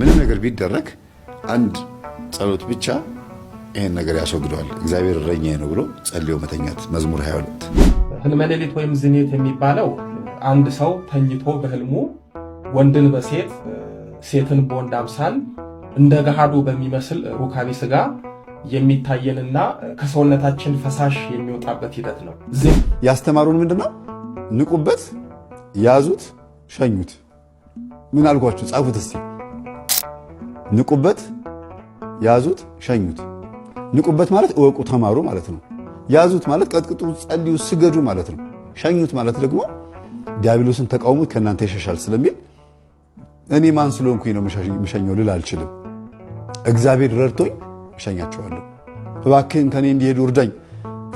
ምንም ነገር ቢደረግ አንድ ጸሎት ብቻ ይህን ነገር ያስወግደዋል። እግዚአብሔር እረኛዬ ነው ብሎ ጸልዮ መተኛት መዝሙር 22 ህልመ ሌሊት ወይም ዝኔት የሚባለው አንድ ሰው ተኝቶ በህልሙ ወንድን በሴት ሴትን በወንድ አምሳል እንደ ገሃዱ በሚመስል ሩካቤ ስጋ የሚታየንና ከሰውነታችን ፈሳሽ የሚወጣበት ሂደት ነው። ያስተማሩን ምንድነው? ንቁበት፣ ያዙት፣ ሸኙት። ምን አልኳችሁ? ጻፉት እስቲ ንቁበት፣ ያዙት፣ ሸኙት። ንቁበት ማለት እወቁ፣ ተማሩ ማለት ነው። ያዙት ማለት ቀጥቅጡ፣ ጸልዩ፣ ስገዱ ማለት ነው። ሸኙት ማለት ደግሞ ዲያብሎስን ተቃውሙት ከእናንተ ይሸሻል ስለሚል እኔ ማን ስለሆንኩኝ ነው የምሸኘው ልል አልችልም። እግዚአብሔር ረድቶኝ እሸኛቸዋለሁ። እባክህን ከኔ እንዲሄዱ እርዳኝ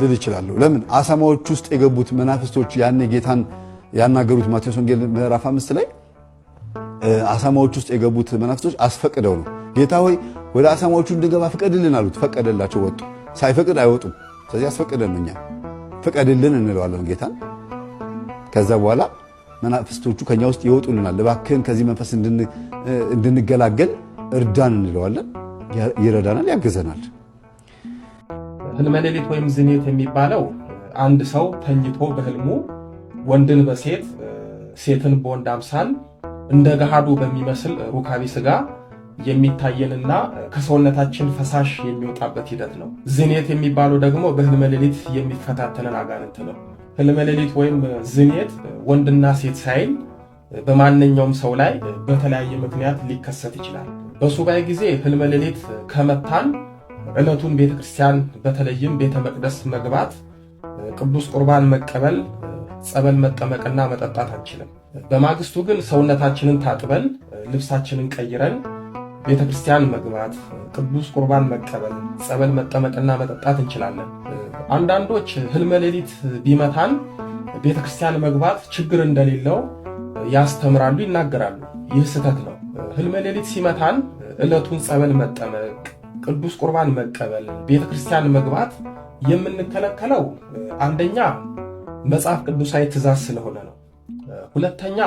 ልል እችላለሁ። ለምን አሳማዎች ውስጥ የገቡት መናፍስቶች ያኔ ጌታን ያናገሩት ማቴዎስ ወንጌል ምዕራፍ አምስት ላይ አሳማዎች ውስጥ የገቡት መናፍስቶች አስፈቅደው ነው። ጌታ ሆይ ወደ አሳማዎቹ እንድገባ ፍቀድልን አሉት። ፈቀደላቸው፣ ወጡ። ሳይፈቅድ አይወጡም። ስለዚህ አስፈቅደን ነው እኛ ፍቀድልን እንለዋለን ጌታን። ከዛ በኋላ መናፍስቶቹ ከኛ ውስጥ ይወጡልናል። እባክህን ከዚህ መንፈስ እንድንገላገል እርዳን እንለዋለን። ይረዳናል፣ ያግዘናል። ህልመ ሌሊት ወይም ዝኔት የሚባለው አንድ ሰው ተኝቶ በህልሙ ወንድን በሴት ሴትን በወንድ አምሳል እንደ ገሃዱ በሚመስል ሩካቤ ስጋ የሚታየንና ከሰውነታችን ፈሳሽ የሚወጣበት ሂደት ነው። ዝኔት የሚባለው ደግሞ በህልመ ሌሊት የሚፈታተንን አጋንንት ነው። ህልመ ሌሊት ወይም ዝኔት ወንድና ሴት ሳይል በማንኛውም ሰው ላይ በተለያየ ምክንያት ሊከሰት ይችላል። በሱባኤ ጊዜ ህልመ ሌሊት ከመታን ዕለቱን ቤተክርስቲያን በተለይም ቤተ መቅደስ መግባት፣ ቅዱስ ቁርባን መቀበል ጸበል መጠመቅና መጠጣት አንችልም። በማግስቱ ግን ሰውነታችንን ታጥበን ልብሳችንን ቀይረን ቤተ ክርስቲያን መግባት፣ ቅዱስ ቁርባን መቀበል፣ ጸበል መጠመቅና መጠጣት እንችላለን። አንዳንዶች ህልመ ሌሊት ቢመታን ቤተ ክርስቲያን መግባት ችግር እንደሌለው ያስተምራሉ፣ ይናገራሉ። ይህ ስህተት ነው። ህልመ ሌሊት ሲመታን ዕለቱን ጸበል መጠመቅ፣ ቅዱስ ቁርባን መቀበል፣ ቤተ ክርስቲያን መግባት የምንከለከለው አንደኛ መጽሐፍ ቅዱሳዊ ትእዛዝ ስለሆነ ነው። ሁለተኛ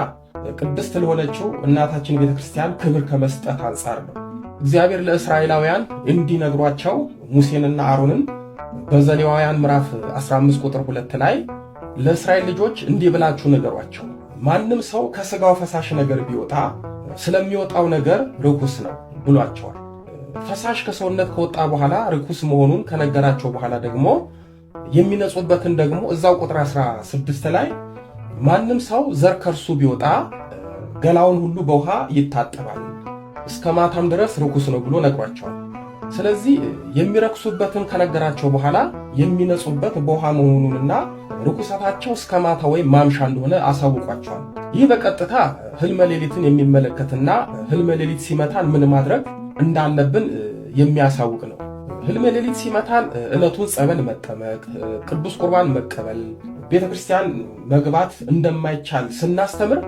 ቅድስት ለሆነችው እናታችን ቤተክርስቲያን ክብር ከመስጠት አንጻር ነው። እግዚአብሔር ለእስራኤላውያን እንዲነግሯቸው ሙሴንና አሮንን በዘሌዋውያን ምዕራፍ 15 ቁጥር 2 ላይ ለእስራኤል ልጆች እንዲህ ብላችሁ ንገሯቸው፣ ማንም ሰው ከስጋው ፈሳሽ ነገር ቢወጣ ስለሚወጣው ነገር ርኩስ ነው ብሏቸዋል። ፈሳሽ ከሰውነት ከወጣ በኋላ ርኩስ መሆኑን ከነገራቸው በኋላ ደግሞ የሚነጹበትን ደግሞ እዛው ቁጥር 16 ላይ ማንም ሰው ዘር ከእርሱ ቢወጣ ገላውን ሁሉ በውሃ ይታጠባል እስከ ማታም ድረስ ርኩስ ነው ብሎ ነግሯቸዋል። ስለዚህ የሚረክሱበትን ከነገራቸው በኋላ የሚነጹበት በውሃ መሆኑንና ርኩሰታቸው እስከ ማታ ወይም ማምሻ እንደሆነ አሳውቋቸዋል። ይህ በቀጥታ ህልመ ሌሊትን የሚመለከትና ህልመ ሌሊት ሲመታን ምን ማድረግ እንዳለብን የሚያሳውቅ ነው። ህልመ ሌሊት ሲመታን እለቱን ጸበል መጠመቅ፣ ቅዱስ ቁርባን መቀበል፣ ቤተ ክርስቲያን መግባት እንደማይቻል ስናስተምር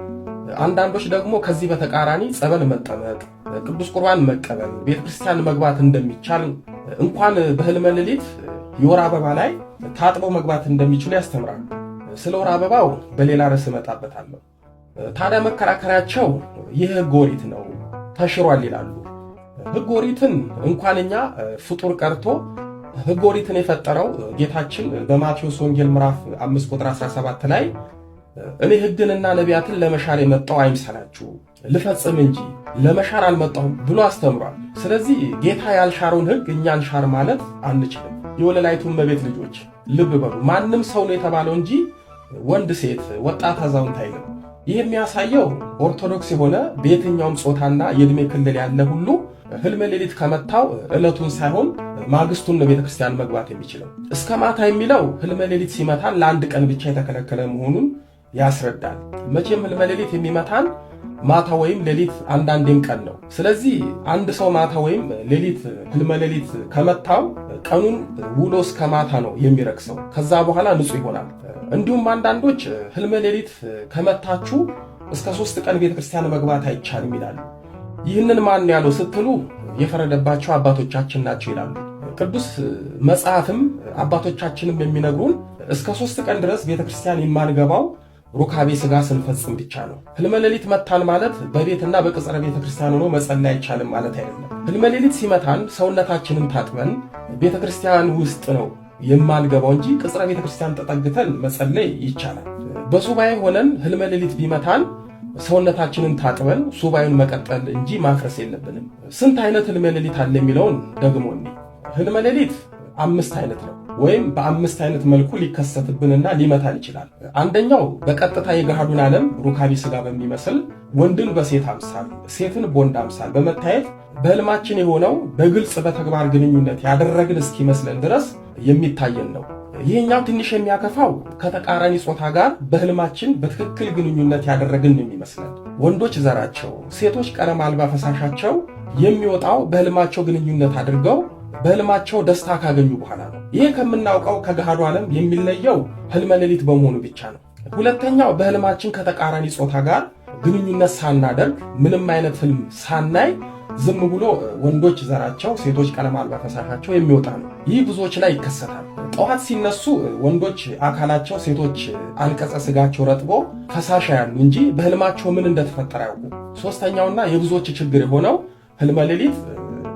አንዳንዶች ደግሞ ከዚህ በተቃራኒ ጸበል መጠመቅ፣ ቅዱስ ቁርባን መቀበል፣ ቤተ ክርስቲያን መግባት እንደሚቻል እንኳን በህልመ ሌሊት የወር አበባ ላይ ታጥቦ መግባት እንደሚችሉ ያስተምራሉ። ስለ ወር አበባው በሌላ ርዕስ እመጣበታለሁ። ታዲያ መከራከሪያቸው ይህ ህገ ወሪት ነው ተሽሯል ይላሉ። ህግ ኦሪትን እንኳን እኛ ፍጡር ቀርቶ ሕግ ኦሪትን የፈጠረው ጌታችን በማቴዎስ ወንጌል ምዕራፍ 5 ቁጥር 17 ላይ እኔ ህግንና ነቢያትን ለመሻር የመጣው አይምሰላችሁ ልፈጽም እንጂ ለመሻር አልመጣሁም ብሎ አስተምሯል። ስለዚህ ጌታ ያልሻረውን ህግ እኛ እንሻር ማለት አንችልም። የወለላይቱ እመቤት ልጆች ልብ በሉ። ማንም ሰው ነው የተባለው እንጂ ወንድ፣ ሴት፣ ወጣት፣ አዛውንት አይልም። ይህ የሚያሳየው ኦርቶዶክስ የሆነ በየትኛውም ጾታና የእድሜ ክልል ያለ ሁሉ ህልመ ሌሊት ከመታው ዕለቱን ሳይሆን ማግስቱን ነው ቤተክርስቲያን መግባት የሚችለው። እስከ ማታ የሚለው ህልመ ሌሊት ሲመታን ለአንድ ቀን ብቻ የተከለከለ መሆኑን ያስረዳል። መቼም ህልመ ሌሊት የሚመታን ማታ ወይም ሌሊት አንዳንዴም ቀን ነው። ስለዚህ አንድ ሰው ማታ ወይም ሌሊት ህልመ ሌሊት ከመታው ቀኑን ውሎ እስከ ማታ ነው የሚረክሰው። ከዛ በኋላ ንጹህ ይሆናል። እንዲሁም አንዳንዶች ህልመ ሌሊት ከመታችሁ እስከ ሶስት ቀን ቤተክርስቲያን መግባት አይቻልም ይላሉ። ይህንን ማን ያለው ስትሉ የፈረደባቸው አባቶቻችን ናቸው ይላሉ። ቅዱስ መጽሐፍም አባቶቻችንም የሚነግሩን እስከ ሶስት ቀን ድረስ ቤተክርስቲያን የማንገባው ሩካቤ ስጋ ስንፈጽም ብቻ ነው። ህልመሌሊት መታን ማለት በቤትና በቅጽረ ቤተ ክርስቲያን ሆኖ መጸለይ አይቻልም ማለት አይደለም። ህልመ ሌሊት ሲመታን ሰውነታችንን ታጥበን ቤተ ክርስቲያን ውስጥ ነው የማንገባው እንጂ ቅጽረ ቤተ ክርስቲያን ተጠግተን መጸለይ ይቻላል። በሱባኤ ሆነን ህልመሌሊት ቢመታን ሰውነታችንን ታጥበን ሱባኤውን መቀጠል እንጂ ማፍረስ የለብንም። ስንት አይነት ህልመሌሊት አለ የሚለውን ደግሞ ህልመ ሌሊት አምስት አይነት ነው። ወይም በአምስት አይነት መልኩ ሊከሰትብንና ሊመታን ይችላል። አንደኛው በቀጥታ የገሃዱን ዓለም ሩካቢ ስጋ በሚመስል ወንድን በሴት አምሳል፣ ሴትን በወንድ አምሳል በመታየት በህልማችን የሆነው በግልጽ በተግባር ግንኙነት ያደረግን እስኪመስለን ድረስ የሚታየን ነው። ይህኛው ትንሽ የሚያከፋው ከተቃራኒ ጾታ ጋር በህልማችን በትክክል ግንኙነት ያደረግን የሚመስለን። ወንዶች ዘራቸው፣ ሴቶች ቀለም አልባ ፈሳሻቸው የሚወጣው በህልማቸው ግንኙነት አድርገው በህልማቸው ደስታ ካገኙ በኋላ ነው። ይህ ከምናውቀው ከገሃዱ ዓለም የሚለየው ህልመ ሌሊት በመሆኑ ብቻ ነው። ሁለተኛው በህልማችን ከተቃራኒ ጾታ ጋር ግንኙነት ሳናደርግ ምንም አይነት ህልም ሳናይ ዝም ብሎ ወንዶች ዘራቸው፣ ሴቶች ቀለም አልባ ፈሳሻቸው የሚወጣ ነው። ይህ ብዙዎች ላይ ይከሰታል። ጠዋት ሲነሱ ወንዶች አካላቸው፣ ሴቶች አንቀጸ ስጋቸው ረጥቦ ፈሳሽ ያሉ እንጂ በህልማቸው ምን እንደተፈጠረ አያውቁ። ሶስተኛውና የብዙዎች ችግር የሆነው ህልመ ሌሊት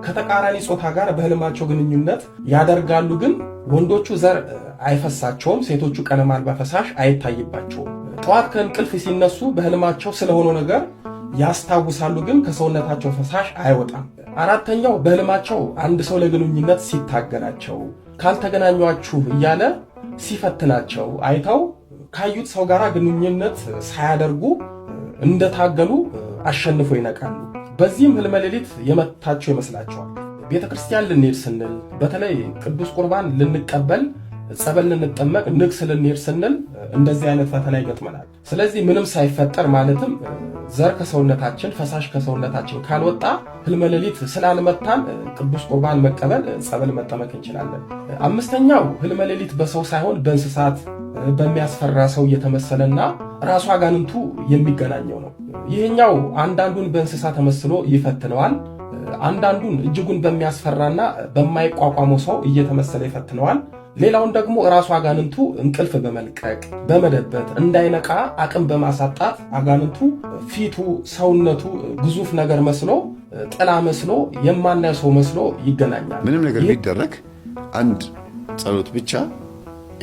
ከተቃራኒ ጾታ ጋር በህልማቸው ግንኙነት ያደርጋሉ፣ ግን ወንዶቹ ዘር አይፈሳቸውም፣ ሴቶቹ ቀለም አልባ ፈሳሽ አይታይባቸውም። ጠዋት ከእንቅልፍ ሲነሱ በህልማቸው ስለሆነው ነገር ያስታውሳሉ፣ ግን ከሰውነታቸው ፈሳሽ አይወጣም። አራተኛው በህልማቸው አንድ ሰው ለግንኙነት ሲታገላቸው ካልተገናኟችሁ እያለ ሲፈትናቸው አይተው ካዩት ሰው ጋር ግንኙነት ሳያደርጉ እንደታገሉ አሸንፎ ይነቃሉ። በዚህም ህልመ ሌሊት የመታቸው ይመስላቸዋል። ቤተ ክርስቲያን ልንሄድ ስንል በተለይ ቅዱስ ቁርባን ልንቀበል ጸበል ልንጠመቅ ንግስ ልንሄድ ስንል እንደዚህ አይነት ፈተና ይገጥመናል። ስለዚህ ምንም ሳይፈጠር ማለትም ዘር ከሰውነታችን ፈሳሽ ከሰውነታችን ካልወጣ ህልመሌሊት ስላልመታን ቅዱስ ቁርባን መቀበል ጸበል መጠመቅ እንችላለን። አምስተኛው ህልመሌሊት በሰው ሳይሆን በእንስሳት በሚያስፈራ ሰው እየተመሰለና ራሱ አጋንንቱ የሚገናኘው ነው። ይህኛው አንዳንዱን በእንስሳ ተመስሎ ይፈትነዋል። አንዳንዱን እጅጉን በሚያስፈራና በማይቋቋመው ሰው እየተመሰለ ይፈትነዋል። ሌላውን ደግሞ እራሱ አጋንንቱ እንቅልፍ በመልቀቅ በመደበት እንዳይነቃ አቅም በማሳጣት አጋንንቱ ፊቱ፣ ሰውነቱ ግዙፍ ነገር መስሎ ጥላ መስሎ የማናየው ሰው መስሎ ይገናኛል። ምንም ነገር ቢደረግ አንድ ጸሎት ብቻ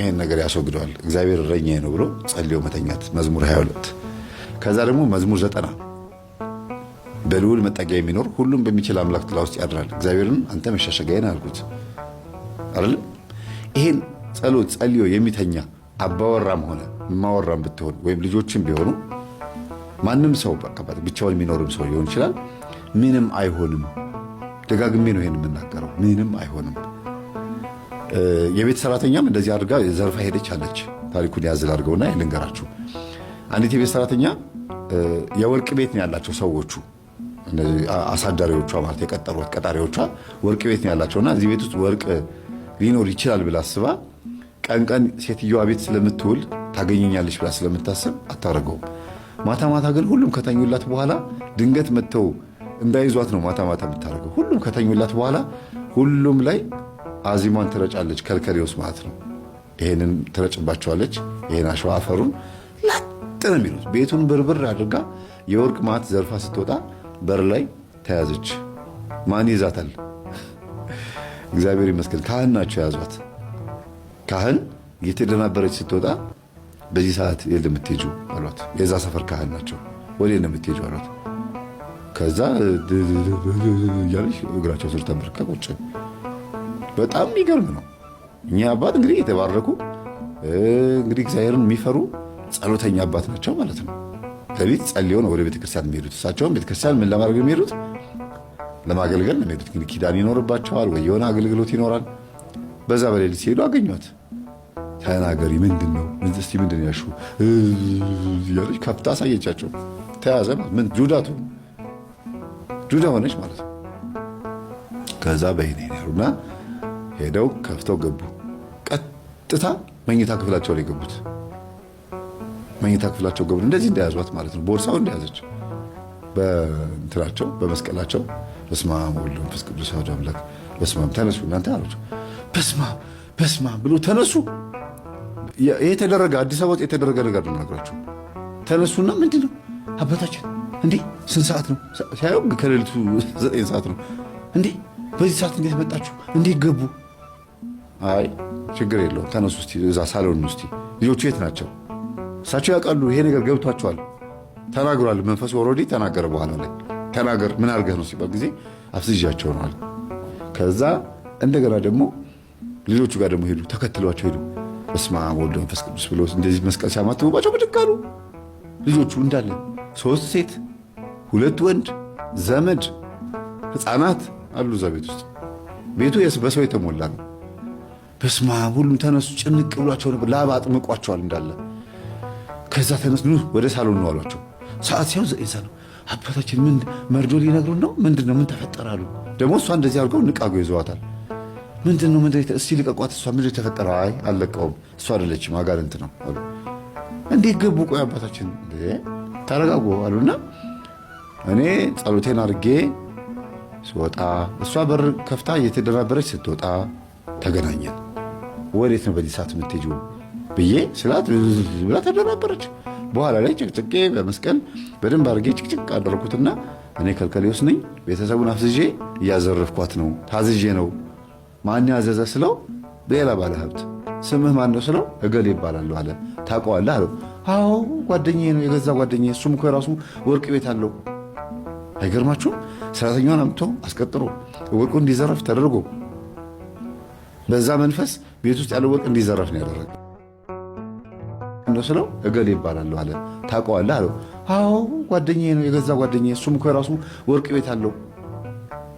ይህን ነገር ያስወግደዋል። እግዚአብሔር እረኛዬ ነው ብሎ ጸልዮ መተኛት መዝሙር 22 ከዛ ደግሞ መዝሙር ዘጠና በልዑል መጠጊያ የሚኖር ሁሉም በሚችል አምላክ ጥላ ውስጥ ያድራል። እግዚአብሔርን አንተ መሻሸጋዬን አልኩት አይደል ይሄን ጸሎት ጸልዮ የሚተኛ አባወራም ሆነ የማወራም ብትሆን ወይም ልጆችም ቢሆኑ ማንም ሰው ብቻውን የሚኖርም ሰው ሊሆን ይችላል። ምንም አይሆንም። ደጋግሜ ነው ይሄን የምናገረው። ምንም አይሆንም። የቤት ሰራተኛም እንደዚህ አድርጋ ዘርፋ ሄደች አለች። ታሪኩን ያዝል አድርገውና ልንገራችሁ። አንዲት የቤት ሰራተኛ የወርቅ ቤት ነው ያላቸው ሰዎቹ አሳዳሪዎቿ ማለት የቀጠሯት ቀጣሪዎቿ ወርቅ ቤት ነው ያላቸውና እዚህ ቤት ውስጥ ወርቅ ሊኖር ይችላል ብላ አስባ ቀን ቀን ሴትዮዋ ቤት ስለምትውል ታገኘኛለች ብላ ስለምታስብ አታደርገውም። ማታ ማታ ግን ሁሉም ከተኙላት በኋላ ድንገት መጥተው እንዳይዟት ነው ማታ ማታ የምታደርገው። ሁሉም ከተኙላት በኋላ ሁሉም ላይ አዚሟን ትረጫለች፣ ከልከሌውስ ማለት ነው። ይሄንን ትረጭባቸዋለች። ይሄን አሸዋ አፈሩን ላጥ ነው የሚሉት። ቤቱን ብርብር አድርጋ የወርቅ ማት ዘርፋ ስትወጣ በር ላይ ተያዘች። ማን ይዛታል? እግዚአብሔር ይመስገን ካህን ናቸው የያዟት። ካህን እየተደናበረች ስትወጣ በዚህ ሰዓት የት የምትሄጁ አሏት። የዛ ሰፈር ካህን ናቸው። ወዴት ነው የምትሄጁ አሏት። ከዛ እያለች እግራቸው ስር ቁጭ። በጣም የሚገርም ነው። እኛ አባት እንግዲህ የተባረኩ እንግዲህ እግዚአብሔርን የሚፈሩ ጸሎተኛ አባት ናቸው ማለት ነው። ሌሊት ጸልዮ ነው ወደ ቤተክርስቲያን የሚሄዱት። እሳቸውም ቤተክርስቲያን ምን ለማድረግ የሚሄዱት ለማገልገል ኪዳን ይኖርባቸዋል ወይ የሆነ አገልግሎት ይኖራል። በዛ በሌሊት ሲሄዱ አገኟት። ተናገሪ ምንድን ነው እስቲ ምንድን ያሹ እያለች ከፍታ አሳየቻቸው። ተያዘ ምን ጁዳቱ ጁዳ ሆነች ማለት ነው። ከዛ በይኔ ያሉና ሄደው ከፍተው ገቡ። ቀጥታ መኝታ ክፍላቸው ላይ ገቡት። መኝታ ክፍላቸው ገቡ። እንደዚህ እንደያዟት ማለት ነው። ቦርሳው እንደያዘች በእንትናቸው በመስቀላቸው በስመ አብ ወወልድ ወመንፈስ ቅዱስ አሐዱ አምላክ። በስመ አብ ተነሱ እናንተ አሉት። በስመ አብ በስመ አብ ብሎ ተነሱ። የተደረገ አዲስ አበባ ውስጥ የተደረገ ነገር ነው የምነግራቸው። ተነሱና ምንድን ነው አባታችን እንዴ ስንት ሰዓት ነው ሲያዩ ከሌሊቱ ዘጠኝ ሰዓት ነው እንዴ በዚህ ሰዓት እንዴት መጣችሁ እንዴት ገቡ አይ ችግር የለውም ተነሱ እስቲ እዛ ሳሎን እስቲ ልጆቹ የት ናቸው እሳቸው ያውቃሉ ይሄ ነገር ገብቷቸዋል ተናግሯል መንፈስ ወረዲ ተናገረ በኋላ ላይ ተናገር፣ ምን አድርገህ ነው ሲባል ጊዜ አፍዝዣቸው ነው አለ። ከዛ እንደገና ደግሞ ልጆቹ ጋር ደግሞ ሄዱ፣ ተከትሏቸው ሄዱ። በስመ አብ ወወልድ ወመንፈስ ቅዱስ ብሎ እንደዚህ መስቀል ሲያማትቡባቸው ብድግ አሉ ልጆቹ እንዳለ ሶስት ሴት ሁለት ወንድ ዘመድ ህፃናት አሉ እዛ ቤት ውስጥ። ቤቱ በሰው የተሞላ ነው። በስመ አብ ሁሉም ተነሱ። ጭንቅ ብሏቸው ነበር። ላብ አጥምቋቸዋል እንዳለ። ከዛ ተነሱ፣ ወደ ሳሎን ነው አሏቸው። ሰዓት ሲያው ዘእዛ ነው አባታችን ምን መርዶ ሊነግሩን ነው? ምንድን ነው? ምን ተፈጠረ አሉ። ደግሞ እሷ እንደዚህ አድርገው ንቃጎ ይዘዋታል። ምንድን ነው? እስቲ ልቀቋት። እሷ ምንድን ተፈጠረ? አይ አልለቀውም፣ እሷ አይደለችም አጋንንት ነው አሉ። እንዴት ገቡ? ቆይ አባታችን ተረጋጉ አሉና እኔ ጸሎቴን አድርጌ ስወጣ እሷ በር ከፍታ እየተደናበረች ስትወጣ ተገናኘን። ወዴት ነው በዚህ ሰዓት የምትሄጂው ብዬ ስላት ብላ ተደናበረች። በኋላ ላይ ጭቅጭቄ በመስቀል በደንብ አድርጌ ጭቅጭቅ አደረኩትና እኔ ከልከሌዎስ ነኝ፣ ቤተሰቡን አፍዝዤ እያዘረፍኳት ነው፣ ታዝዤ ነው። ማን ያዘዘ ስለው ሌላ ባለሀብት። ስምህ ማን ነው ስለው እገሌ ይባላሉ አለ። ታውቀዋለህ አለው። አዎ ጓደኛዬ ነው፣ የገዛ ጓደኛዬ። እሱም እኮ የራሱ ወርቅ ቤት አለው። አይገርማችሁም? ሰራተኛውን አምጥቶ አስቀጥሮ ወርቁ እንዲዘረፍ ተደርጎ በዛ መንፈስ ቤት ውስጥ ያለው ወርቅ እንዲዘረፍ ነው ያደረገ። ማነው ስለው እገሌ ይባላል አለ። ታውቀዋለህ አለው። አዎ ጓደኛዬ ነው የገዛ ጓደኛዬ። እሱም እኮ የራሱ ወርቅ ቤት አለው።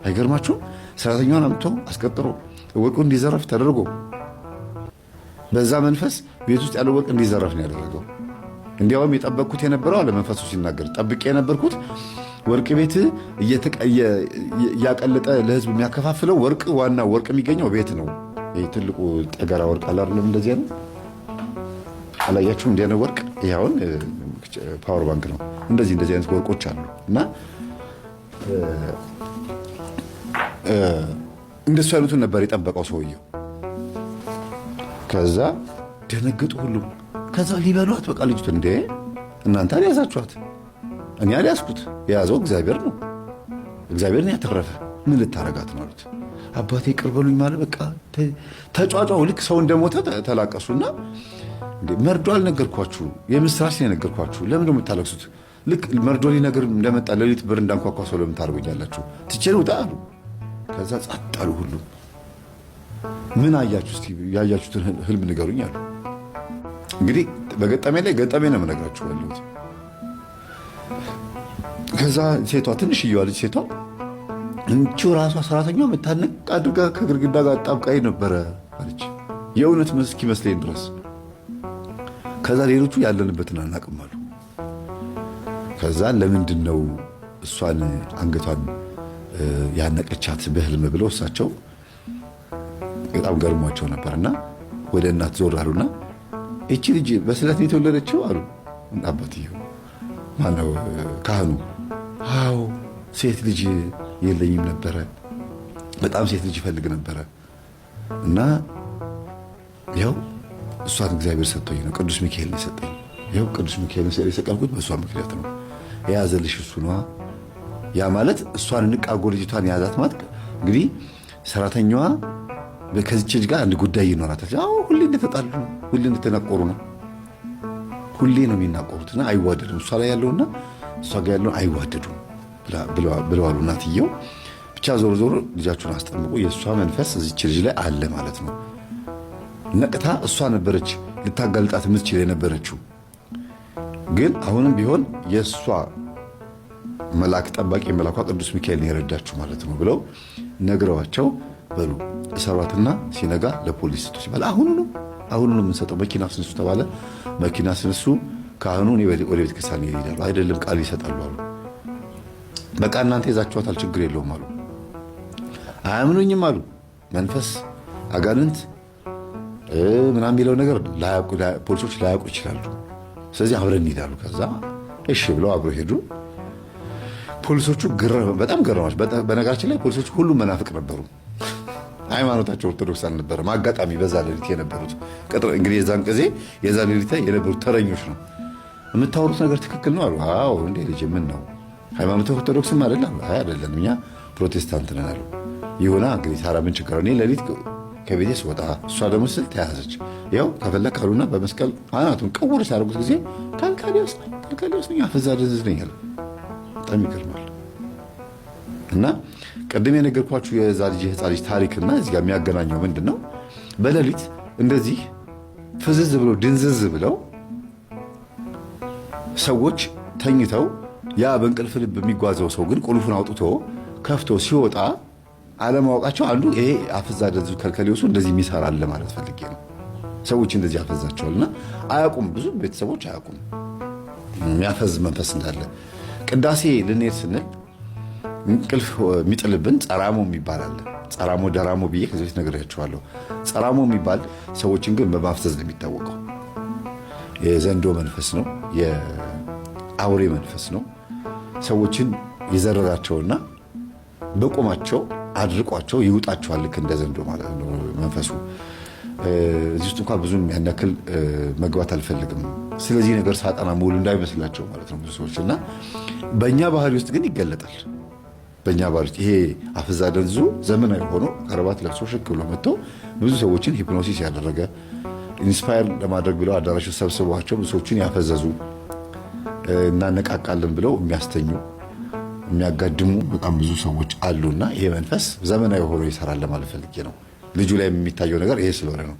አይገርማችሁም? ሰራተኛዋን አምጥቶ አስቀጥሮ ወርቁ እንዲዘረፍ ተደርጎ በዛ መንፈስ ቤት ውስጥ ያለው ወርቅ እንዲዘረፍ ነው ያደረገው። እንዲያውም የጠበቅኩት የነበረው አለ መንፈሱ ሲናገር ጠብቄ የነበርኩት ወርቅ ቤት እያቀለጠ ለህዝብ የሚያከፋፍለው ወርቅ ዋና ወርቅ የሚገኘው ቤት ነው። ትልቁ ጠገራ ወርቅ አላለም እንደዚያ ነው። አላያችሁም? እንዲያነ ወርቅ ይኸውን ፓወር ባንክ ነው። እንደዚህ እንደዚህ አይነት ወርቆች አሉ እና እንደሱ አይነቱን ነበር የጠበቀው ሰውየው። ከዛ ደነገጡ ሁሉም። ከዛ ሊበሏት በቃ ልጅቱ እንደ እናንተ አልያዛችኋት፣ እኔ አልያዝኩት። የያዘው እግዚአብሔር ነው። እግዚአብሔር ያተረፈ። ምን ልታረጋት ነው አሉት። አባቴ ቅርበሉኝ ማለት በቃ ተጫጫው። ልክ ሰው እንደሞተ ተላቀሱና መርዶ አልነገርኳችሁ፣ የምስራች የነገርኳችሁ ለምን የምታለቅሱት? ልክ መርዶ ሊነገር እንደመጣ ሌሊት በር እንዳንኳኳ ሰው ለምን ታደርጉኛላችሁ? ትቼ ውጣ አሉ። ከዛ ጸጥ አሉ ሁሉም። ምን አያችሁ እስቲ ያያችሁትን ህልም ንገሩኝ አሉ። እንግዲህ በገጠሜ ላይ ገጠሜ ነው የምነግራችሁ ያለሁት። ከዛ ሴቷ ትንሽ እየዋለች ሴቷ እንቺው ራሷ ሰራተኛ መታነቅ አድርጋ ከግድግዳ ጋር ጣብቃይ ነበረ አለች። የእውነት መስኪ ድረስ ከዛ ሌሎቹ ያለንበትን አናቅም አሉ። ከዛ ለምንድን ነው እሷን አንገቷን ያነቀቻት በህልም ብለው እሳቸው በጣም ገርሟቸው ነበርና ወደ እናት ዞር አሉና እቺ ልጅ በስለት የተወለደችው አሉ አባትየው። ማነው ካህኑ? አዎ ሴት ልጅ የለኝም ነበረ። በጣም ሴት ልጅ ይፈልግ ነበረ እና ያው እሷን እግዚአብሔር ሰጥቶኝ ነው። ቅዱስ ሚካኤል ነው የሰጠኝ። ይኸው ቅዱስ ሚካኤል ስዕል የሰቀልኩት በእሷ ምክንያት ነው። የያዘልሽ እሱ ነዋ። ያ ማለት እሷን እንቃጎ ልጅቷን የያዛት ማለት እንግዲህ ሰራተኛዋ ከዚች ልጅ ጋር አንድ ጉዳይ ይኖራታል። ሁሌ እንደተጣሉ ነው። ሁሌ እንደተናቆሩ ነው። ሁሌ ነው የሚናቆሩትና አይዋደዱም። እሷ ላይ ያለውና እሷ ጋር ያለውን አይዋደዱም ብለዋሉ እናትየው። ብቻ ዞሮ ዞሮ ልጃችሁን አስጠምቁ፣ የእሷ መንፈስ እዚች ልጅ ላይ አለ ማለት ነው። ነቅታ እሷ ነበረች ልታጋልጣት የምትችል የነበረችው። ግን አሁንም ቢሆን የእሷ መልአክ ጠባቂ መልአኳ ቅዱስ ሚካኤል የረዳችሁ ማለት ነው ብለው ነግረዋቸው በሉ እሰሯትና ሲነጋ ለፖሊስ ስጡ ሲባል አሁኑ ነው የምንሰጠው መኪና ስንሱ ተባለ። መኪና ስንሱ ካህኑ ወደ ቤተ ክርስቲያን ይሄዳሉ። አይደለም ቃል ይሰጣሉ አሉ። በቃ እናንተ ይዛችኋታል ችግር የለውም አሉ። አያምኑኝም አሉ። መንፈስ አጋንንት ምና የሚለው ነገር ፖሊሶች ላያውቁ ይችላሉ። ስለዚህ አብረን እንሄዳሉ። ከዛ እሺ ብለው አብረው ሄዱ። ፖሊሶቹ በጣም ገረማች። በነገራችን ላይ ፖሊሶቹ ሁሉም መናፍቅ ነበሩ። ሃይማኖታቸው ኦርቶዶክስ አልነበረም። አጋጣሚ በዛ ሌሊት የነበሩት እንግዲህ የዛን ጊዜ የዛ ሌሊት የነበሩት ተረኞች ነው። የምታወሩት ነገር ትክክል ነው አሉ። አዎ እንዴ ልጅ ምን ነው ሃይማኖት ኦርቶዶክስም አይደለም። አይ አይደለም እኛ ፕሮቴስታንት ነን አሉ። ይሁና እንግዲህ ታዲያ ምን ችግር እኔ ሌሊት ከቤቴ ስወጣ እሷ ደግሞ ስል ተያዘች። ያው ተፈለግ ካሉና በመስቀል አናቱን ቅውር ሲያደርጉት ጊዜ ከልካሌ ወስነኝ ከልካሌ ወስነኝ አፈዛ ደንዝነኝ አለ። በጣም ይገርማል። እና ቅድም የነገርኳችሁ የዛ ልጅ ህፃ ልጅ ታሪክና እዚህ ጋር የሚያገናኘው ምንድን ነው? በሌሊት እንደዚህ ፍዝዝ ብለው ድንዝዝ ብለው ሰዎች ተኝተው ያ በእንቅልፍ ልብ የሚጓዘው ሰው ግን ቁልፉን አውጥቶ ከፍቶ ሲወጣ አለማወቃቸው አንዱ ይሄ አፍዛ ደዙ ከልከሌዎሱ እንደዚህ የሚሰራ አለ ማለት ፈልጌ ነው። ሰዎች እንደዚህ ያፈዛቸዋልና አያውቁም። ብዙ ቤተሰቦች አያውቁም የሚያፈዝ መንፈስ እንዳለ። ቅዳሴ ልንሄድ ስንል እንቅልፍ የሚጥልብን ጸራሞ የሚባል አለ። ጸራሞ ደራሞ ብዬ ከዚህ ቤት ነግሬያቸዋለሁ። ጸራሞ የሚባል ሰዎችን ግን በማፍዘዝ ነው የሚታወቀው። የዘንዶ መንፈስ ነው፣ የአውሬ መንፈስ ነው። ሰዎችን የዘረራቸውና በቁማቸው አድርቋቸው ይውጣቸዋል። ልክ እንደ ዘንዶ ማለት ነው መንፈሱ። እዚህ ውስጥ እኳ ብዙ ያን ያክል መግባት አልፈልግም። ስለዚህ ነገር ሳጠና መውል እንዳይመስላቸው ማለት ነው ብዙ ሰዎች እና በእኛ ባህሪ ውስጥ ግን ይገለጣል። በእኛ ባህሪ ውስጥ ይሄ አፍዛ ደንዙ ዘመናዊ ሆኖ ከረባት ለብሶ ሽክ ብሎ መጥቶ ብዙ ሰዎችን ሂፕኖሲስ ያደረገ ኢንስፓየር ለማድረግ ብለው አዳራሽ ሰብስቧቸው ብዙ ሰዎችን ያፈዘዙ እናነቃቃለን ብለው የሚያስተኙ የሚያጋድሙ በጣም ብዙ ሰዎች አሉና ይሄ መንፈስ ዘመናዊ ሆኖ ይሰራል ለማለት ፈልጌ ነው። ልጁ ላይ የሚታየው ነገር ይሄ ስለሆነ ነው።